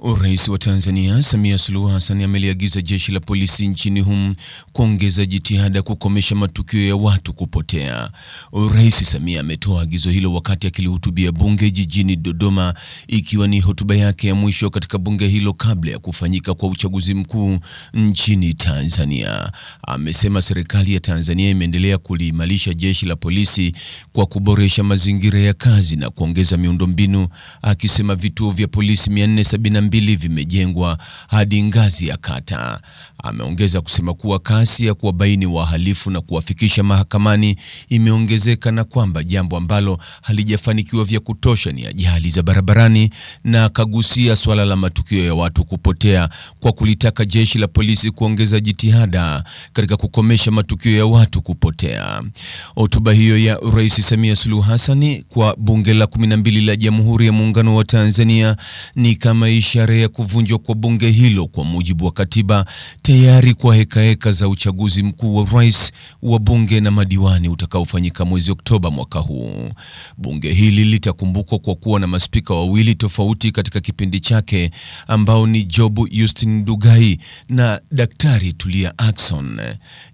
Rais wa Tanzania Samia Suluhu Hassan ameliagiza jeshi la polisi nchini humu kuongeza jitihada kukomesha matukio ya watu kupotea. Rais Samia ametoa agizo hilo wakati akilihutubia bunge jijini Dodoma, ikiwa ni hotuba yake ya mwisho katika bunge hilo kabla ya kufanyika kwa uchaguzi mkuu nchini Tanzania. Amesema serikali ya Tanzania imeendelea kuliimarisha jeshi la polisi kwa kuboresha mazingira ya kazi na kuongeza miundombinu, akisema vituo vya polisi 472 mbili vimejengwa hadi ngazi ya kata. Ameongeza kusema kuwa kasi ya kuwabaini wahalifu na kuwafikisha mahakamani imeongezeka na kwamba jambo ambalo halijafanikiwa vya kutosha ni ajali za barabarani, na akagusia suala la matukio ya watu kupotea kwa kulitaka jeshi la polisi kuongeza jitihada katika kukomesha matukio ya watu kupotea. Hotuba hiyo ya Rais Samia Suluhu Hassan kwa Bunge la 12 la Jamhuri ya Muungano wa Tanzania ni kama ishara ya kuvunjwa kwa bunge hilo kwa mujibu wa katiba tayari kwa hekaheka za uchaguzi mkuu wa rais wa bunge na madiwani utakaofanyika mwezi Oktoba mwaka huu. Bunge hili litakumbukwa kwa kuwa na maspika wawili tofauti katika kipindi chake ambao ni Jobu Justin Ndugai na Daktari Tulia Ackson.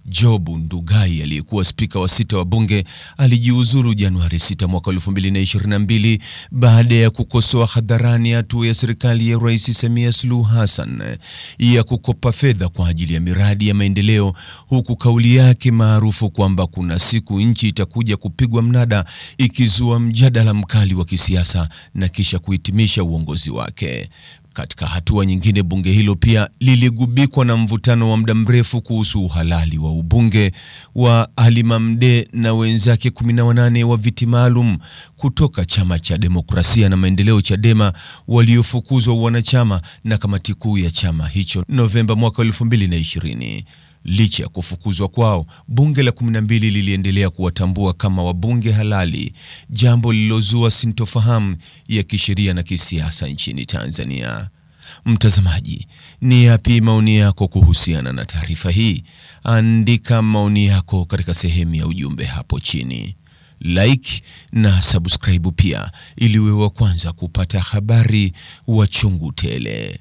Jobu Ndugai aliyekuwa spika wa sita wa bunge alijiuzulu Januari 6 mwaka 2022 baada ya kukosoa hadharani hatua ya serikali ya Rais Samia Suluhu Hassan ya kukopa fedha kwa kwa ajili ya miradi ya maendeleo, huku kauli yake maarufu kwamba kuna siku nchi itakuja kupigwa mnada ikizua mjadala mkali wa kisiasa na kisha kuhitimisha uongozi wake. Katika hatua nyingine, bunge hilo pia liligubikwa na mvutano wa muda mrefu kuhusu uhalali wa ubunge wa Halima Mdee na wenzake 18 wa viti maalum kutoka chama cha demokrasia na maendeleo Chadema, waliofukuzwa wanachama na kamati kuu ya chama hicho Novemba mwaka 2020. Licha ya kufukuzwa kwao, bunge la 12 liliendelea kuwatambua kama wabunge halali, jambo lililozua sintofahamu ya kisheria na kisiasa nchini Tanzania. Mtazamaji, ni yapi maoni yako kuhusiana na taarifa hii? Andika maoni yako katika sehemu ya ujumbe hapo chini. Like na subscribe pia ili uwe wa kwanza kupata habari wa chungu tele.